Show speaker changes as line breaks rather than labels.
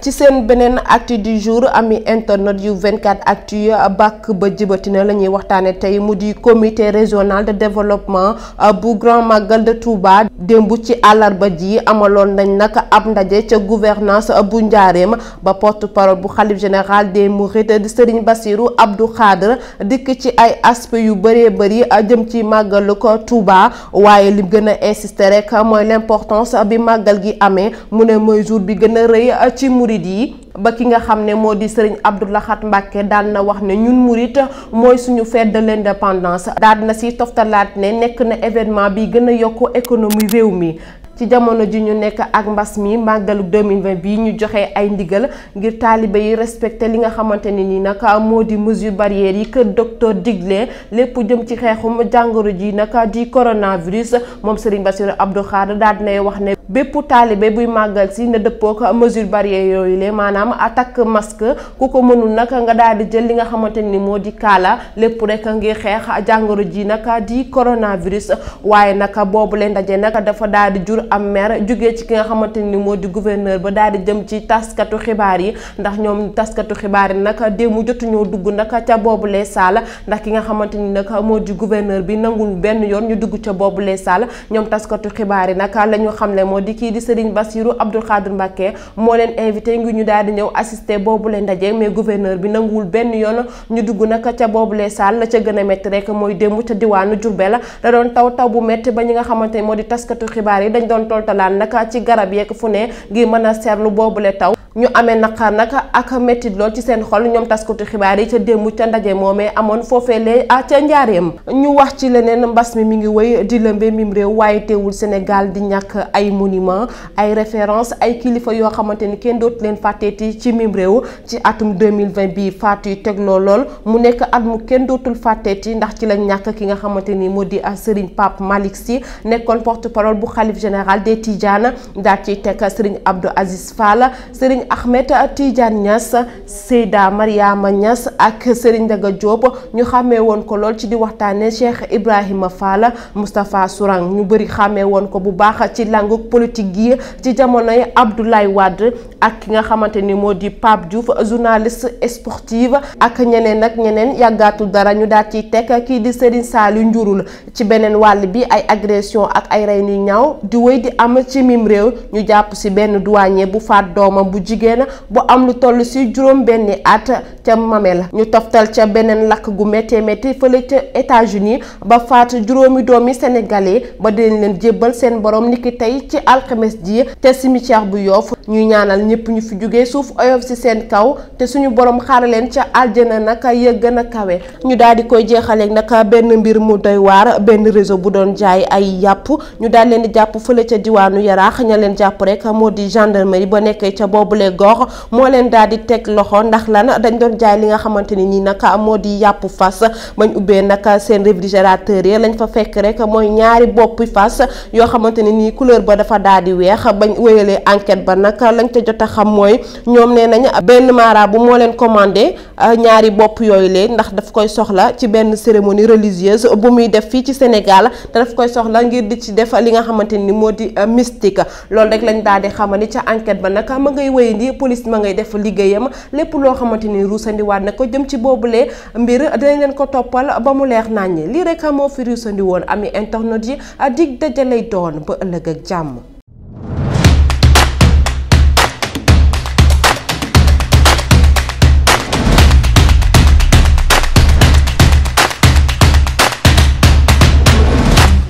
ci seen beneen actu du jour ami internet yu 24 actu bàkk ba jibatina la ñuy waxtaane tey mu di comité régional de développement euh, bu grand màggal de Touba démb ci àllarba ji amaloon nañ nag ab ndaje ca gouvernance euh, bu njaareem ba porte parole bu xalif général des mourides di Serigne Bassirou Abdou Khadre dikk ci ay aspect yu bëree bëri euh, jëm ci màggalu ko Touba waaye li gën a insister rek mooy l'importance bi màggal gi amee mu ne mooy jour bi gën murit yi ba ki nga xam ne moo di sëriñ Abdou Lahad Mbacke daan na wax ne ñun murit mooy suñu fête de l'indépendance daan na si toftalaat ne nekk na événement bi gën a yokk économie réew mi. ci jamono ji ñu nekk ak mbas mi màggalu 2020 bi ñu joxe ay ndigal ngir taalibe yi respecté li nga xamante ne ni nag moo di mesure barrière yi kër docteur digle lépp jëm ci xeexum jàngoro ji nag di coronavirus moom Serigne Bassirou Abdou Khadre daal dinay wax ne bépp taalibe buy màggal si na dëppoo ak mesure barrière yooyu le maanaam attaque masque ku ko mënul naka nga daal di jël li nga xamante ni moo di kaala lépp rek ngir xeex jàngoro ji nag di coronavirus waaye nag boobu leen ndaje nag dafa daal di jur am mer jóge ci ki nga xamante ni moo di gouverneur ba daal di jëm ci taskatu xibaar yi ndax ñoom taskatu xibaar yi nag démb jotuñoo dugg nag ca boobu les salle ndax ki nga xamante ni nag moo di bi nangul benn yoon ñu dugg ca boobu les salle ñoom taskatu xibaar yi nag la xamle moo di kii di Serigne Bassirou Abdoul Khadr Mbacké moo leen invité ngir ñu daal di ñëw assister boobu leen ndaje mais gouverneur bi nanguwul benn yoon ñu dugg naka ca boobule saal la ca gën a métti rek mooy démb ca diwaanu Diourbel da doon taw taw bu métti ba ñi nga xamante ne moo di taskatu xibaar yi dañ doon toltalaan naka ci garab yeeg fu ne ngir mën a seetlu boobule taw ñu amee naqar nag ak méttit lool ci seen xol ñoom taskatu xibaar yi ca démb ca ndaje moomee amoon foofee lee ah ca njaareem ñu wax ci leneen mbas mi mi ngi woy di lëmbe mim réew waaye teewul Sénégal di ñàkk ay monument ay référence ay kilifa yoo xamante ni kenn dootu leen fàtteeti ci mim réew ci atum 2020 bi faatu yi tegloo lool mu nekk at mu kenn dootul fàtteeti ndax ci la ñàkk ki nga xamante ni moo di ah, Serigne Pape Malick si nekkoon porte parole bu xalif général des Tidianes daal ciy teg Serigne Abdou Aziz Fall Serigne Ahmed Tidiane Niass Seyda Mariama ñas ak Serigne Daga Diop ñu xàmmee woon ko lool ci di waxtaane Cheikh Ibrahima Fall Moustapha Sourang ñu bëri xàmmee woon ko bu baax ci langu politique gi ci jamonoy Abdoulaye Wade ak ki nga xamante ni moo di Pape Diouf journaliste sportive ak ñeneen ak ñeneen yàggaatul dara ñu daal ci teg kii di Serigne Saliou Ndiourul ci beneen wàll bi ay agression ak ay rey yu ñaaw di wéy di am ci mim réew ñu jàpp si benn douanier bu faat doomam bu jigéen bu am lu toll si juróom benni at ca Mamel ñu toftal ca beneen lakk gu méttee métti fële ca états ba faat juróomi doomi sénégalais ba dinañ leen jébbal seen borom niki tey ci alxemes ji te cimetière bu yoof ñuy ñaanal ñëpp ñu fi jógee suuf oyof si seen kaw te suñu boroom xaare leen ca aljana naka ya gën a kawe ñu daal di koy jeexaleeg naka benn mbir mu doy waar benn réseau bu doon jaay ay yàpp ñu daal leen di jàpp fële ca diwaanu yaraax ña leen jàpp rek yoolee moo leen daal di teg loxo ndax lan dañ doon jaay li nga xamante ni nii nag moo di yàpp fas bañ ubbee nag seen réfrigérateur yi lañ fa fekk rek mooy ñaari boppi fas yoo xamante ne nii couleur ba dafa daal di weex bañ wéyalee enquête ba nag lañ ca jot a xam mooy ñoom nee nañ benn marabu moo leen commandé euh, ñaari bopp yooyu leen ndax daf koy soxla ci benn cérémonie religieuse bu muy def fii ci Sénégal te daf koy soxla ngir di ci def li nga xamante ni moo di euh, mystique loolu polis police ma ngay def liggéeyam lépp loo xamante ni ruusandi waat na ko jëm ci boobule mbir dinañ leen ko toppal ba mu leer naññ lii rek moo fi ruusandi woon ami internet yi dig dajalay doon ba ëllëg ak jàmm